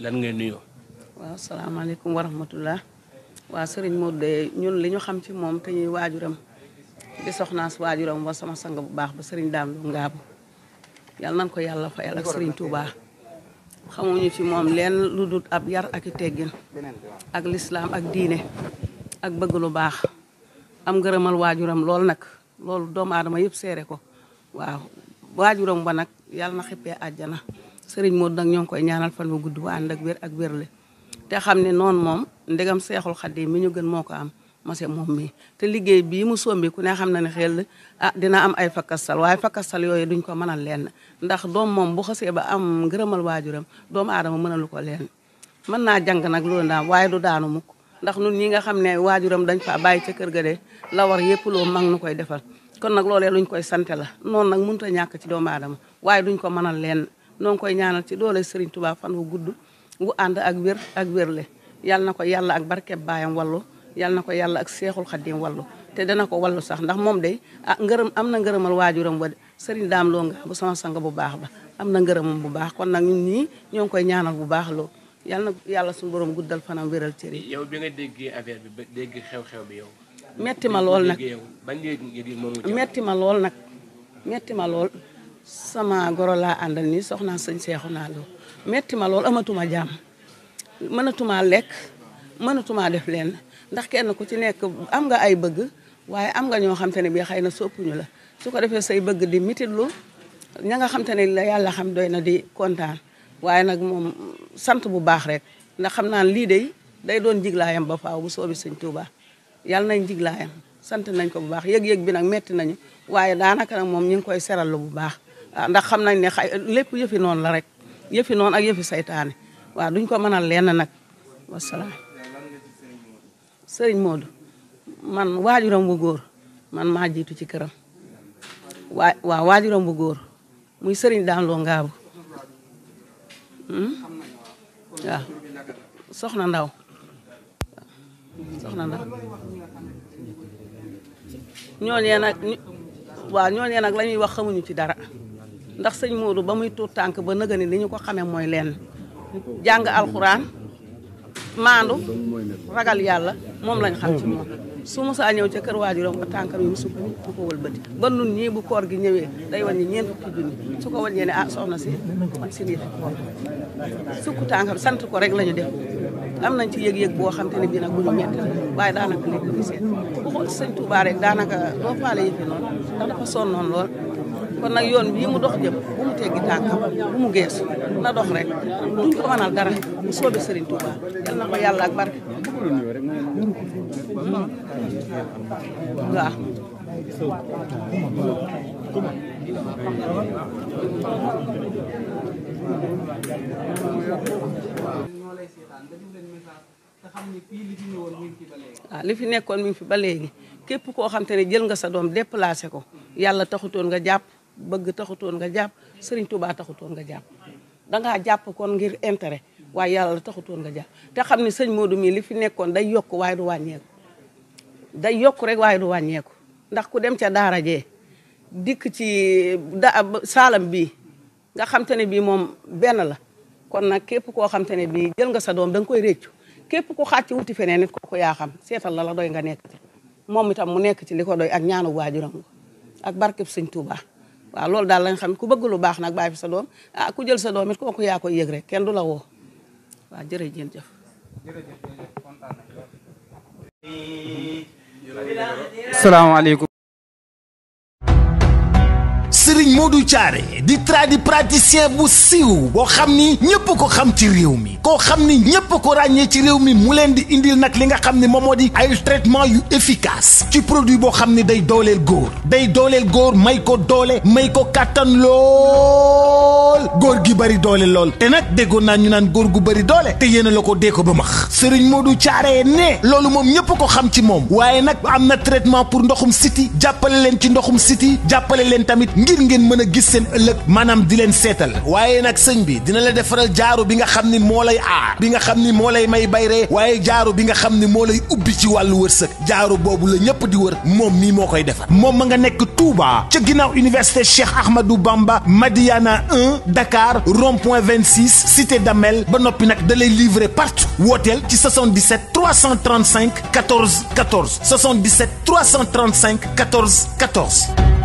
lan ngay nuyoo. waaw salaamaaleykum wa rahmatullah waa sëriñ moo de ñun li ñu xam ci moom te ñuy waajuram di soxnaas waajuram wa sama sang bu baax ba Serigne Dame Lo Ngaabu yal nañ ko yàlla fayal ak Serigne Touba. xamuñu ci moom leen lu dul ab yar ak i teggin ak lislaam ak diine ak bëgg lu baax am ngërëmal waajuram lool nag loolu doomu aadama yëpp seere ko waaw waajuram ba nag yàlla na xippee àjjana sëriñ Modou nag ñoo ngi koy ñaanal fan wu gudd bu ànd ak wér ak wérle te xam ne noonu moom ndegam seexul xaddi mi ñu gën moo ko am monsieur moom mii te liggéey bii mu sombi ku ne xam na ne xel ah dina am ay fakkastal waaye fakkastal yooyu duñ ko mënal lenn ndax doom moom bu xasee ba am ngërëmal waajuram doomu aadama mënalu ko lenn mën naa jàng nag loolu daam waaye du daanu mukk ndax nun ñi nga xam ne waajuram dañ fa bàyyi ca kër ga de la war yëpp loo mag nu koy defal kon nag loolee luñ koy sante la noonu nag mënut a ñàkk ci doomu aadama noo koy ñaanal ci doole Serigne tubaab fan wu gudd wu ànd ak wér ak le yal na ko yàlla ak barkeb baayam wallu yal na ko yàlla ak seexul xaddim wallu te dana ko wallu sax ndax moom de ah ngërëm am na ngërëmal waajuram wa Serigne daam Lo nga bu sama sang bu baax ba am na ngërëmam bu baax kon nag nii ñoo ngi koy ñaanal bu baax loo yàlla na yàlla suñu borom guddal fanam wéral cër yi. yow bi déggee affaire bi dégg xew-xew bi yow. metti ma lool nag metti ma lool nag metti ma lool. sama goro laa àndal nii soxnaa sëñ seexu naa lool metti ma lool amatuma jàmm mënatuma lekk mënatuma def leen ndax kenn ku ci nekk am nga ay bëgg waaye am nga ñoo xam te ne bii xëy na soppuñu la su ko defee say bëgg di mititlu ña nga xam te ne la yàlla xam doy na di kontaan waaye nag moom sant bu baax rek ndax xam naa lii de day doon jiglaayam ba faaw bu soobi sëñ Tuuba yàlla nañ jiglaayam sant nañ ko bu baax yëg-yëg bi nag metti nañu waaye daanaka nag moom ñu ngi koy seral bu baax ndax xam nañ ne xay lépp yëfi noonu la rek yëfi noonu ak yëfi seytaane waaw duñ ko mënal lenn nag wasalaam sëriñ moodu man waajuram bu góor man maa jiitu ci këram waa waaw waajuram góor muy sëriñ daan loo hmm? soxna ndaw soxna ndaw ñooñee nag waa ñooñee nag lañuy ñuy wax xamuñu ci dara ndax sëñ Modou ba muy tuut tànk ba nëga ni li ñu ko xamee mooy lenn jàng alxuraan maandu ragal yàlla moom lañ xam ci moom su musaa ñëw ca kër waajuram ba tànkam yi musu bu ko koor gi ñëwee day wàññi ñeent ko wàññee ne ah, soxna si sukku tànkam sant ko rek lañu dem def nañ ci yëg-yëg boo xam te ne bii nag bu ñu metti waaye daanaka léegi ñu seet bu xool sëñ Tuubaa rek daanaka doo faale yëfi noonu ndax dafa sonnoon lool kon nag yoon bii mu dox jëm bu mu teggi tànkam bu mu geesu na dox rek duñ ko mënal dara bu soobee Serigne Touba yal na ko yàlla ak barke. waaw. Ah, li fi nekkoon mi fi ba léegi képp koo xam te ne jël nga sa doom déplacé ko yàlla taxutoon nga jàpp. bëgg taxutoon nga jàpp Serigne Touba taxutoon nga jàpp dangaa jàpp kon ngir intere waaye yàlla la taxutoon nga jàpp te xam ne sëñ Modou mii li fi nekkoon day yokk waaye du wàññeeku day yokk rek waaye du wàññeeku ndax ku dem ca daara jee dikk ci da saalam bii nga xam ne bii moom benn la kon nag képp koo xam ne bii jël nga sa doom da koy réccu képp ku xàcc wuti feneen nit kooku yaa xam seetal la la doy nga nekk moom itam mu nekk ci li ko doy ak ñaanu waajuram ak barkeb sëñ Touba waaw loolu daal lañ xam ku bëgg lu baax nag bàyyi fi sa doom ah ku jël sa doom it kooku yaa koy yëg rek kenn du la woo waaw jërëjëf jëf jërëjëf kontaan Modou Thiaré di tradipraticien bu siiw boo xam ni ñépp ko xam ci réew mi koo xam ni ñépp ko ràññee ci réew mi mu leen di indil nag li nga xam ni moom moo di ay traitement yu efficace ci produit boo xam ni day dooleel góor day dooleel góor may ko doole may ko kàttan lool góor gi bari doole lool te nag déggoon naa ñu naan góor gu bari doole te yéen la ko dee ko ba max Serigne Modou Thiaré ne loolu moom ñépp ko xam ci moom waaye nag am na traitement pour ndoxum siti jàppale leen ci ndoxum jàppale leen tamit ngir ngeen mën gis seen ëllëg manam di leen seetal waaye nak sëñ bi dina la defaral jaaru bi nga xamni ni moo lay aar bi nga xamni ni moo lay may bayre waaye jaaru bi nga xamni moo lay ubbi ci wàllu wërsëg jaaru boobu la ñëpp di wër moom mi moo koy defar moom ma nga nekk Touba ca ginnaaw université Cheikh Ahmadou Bamba Madiana 1 Dakar rond-point 26 cité Damel ba noppi nak da lay livrer partout wooteel ci 77 335 14 14 77 335 14 14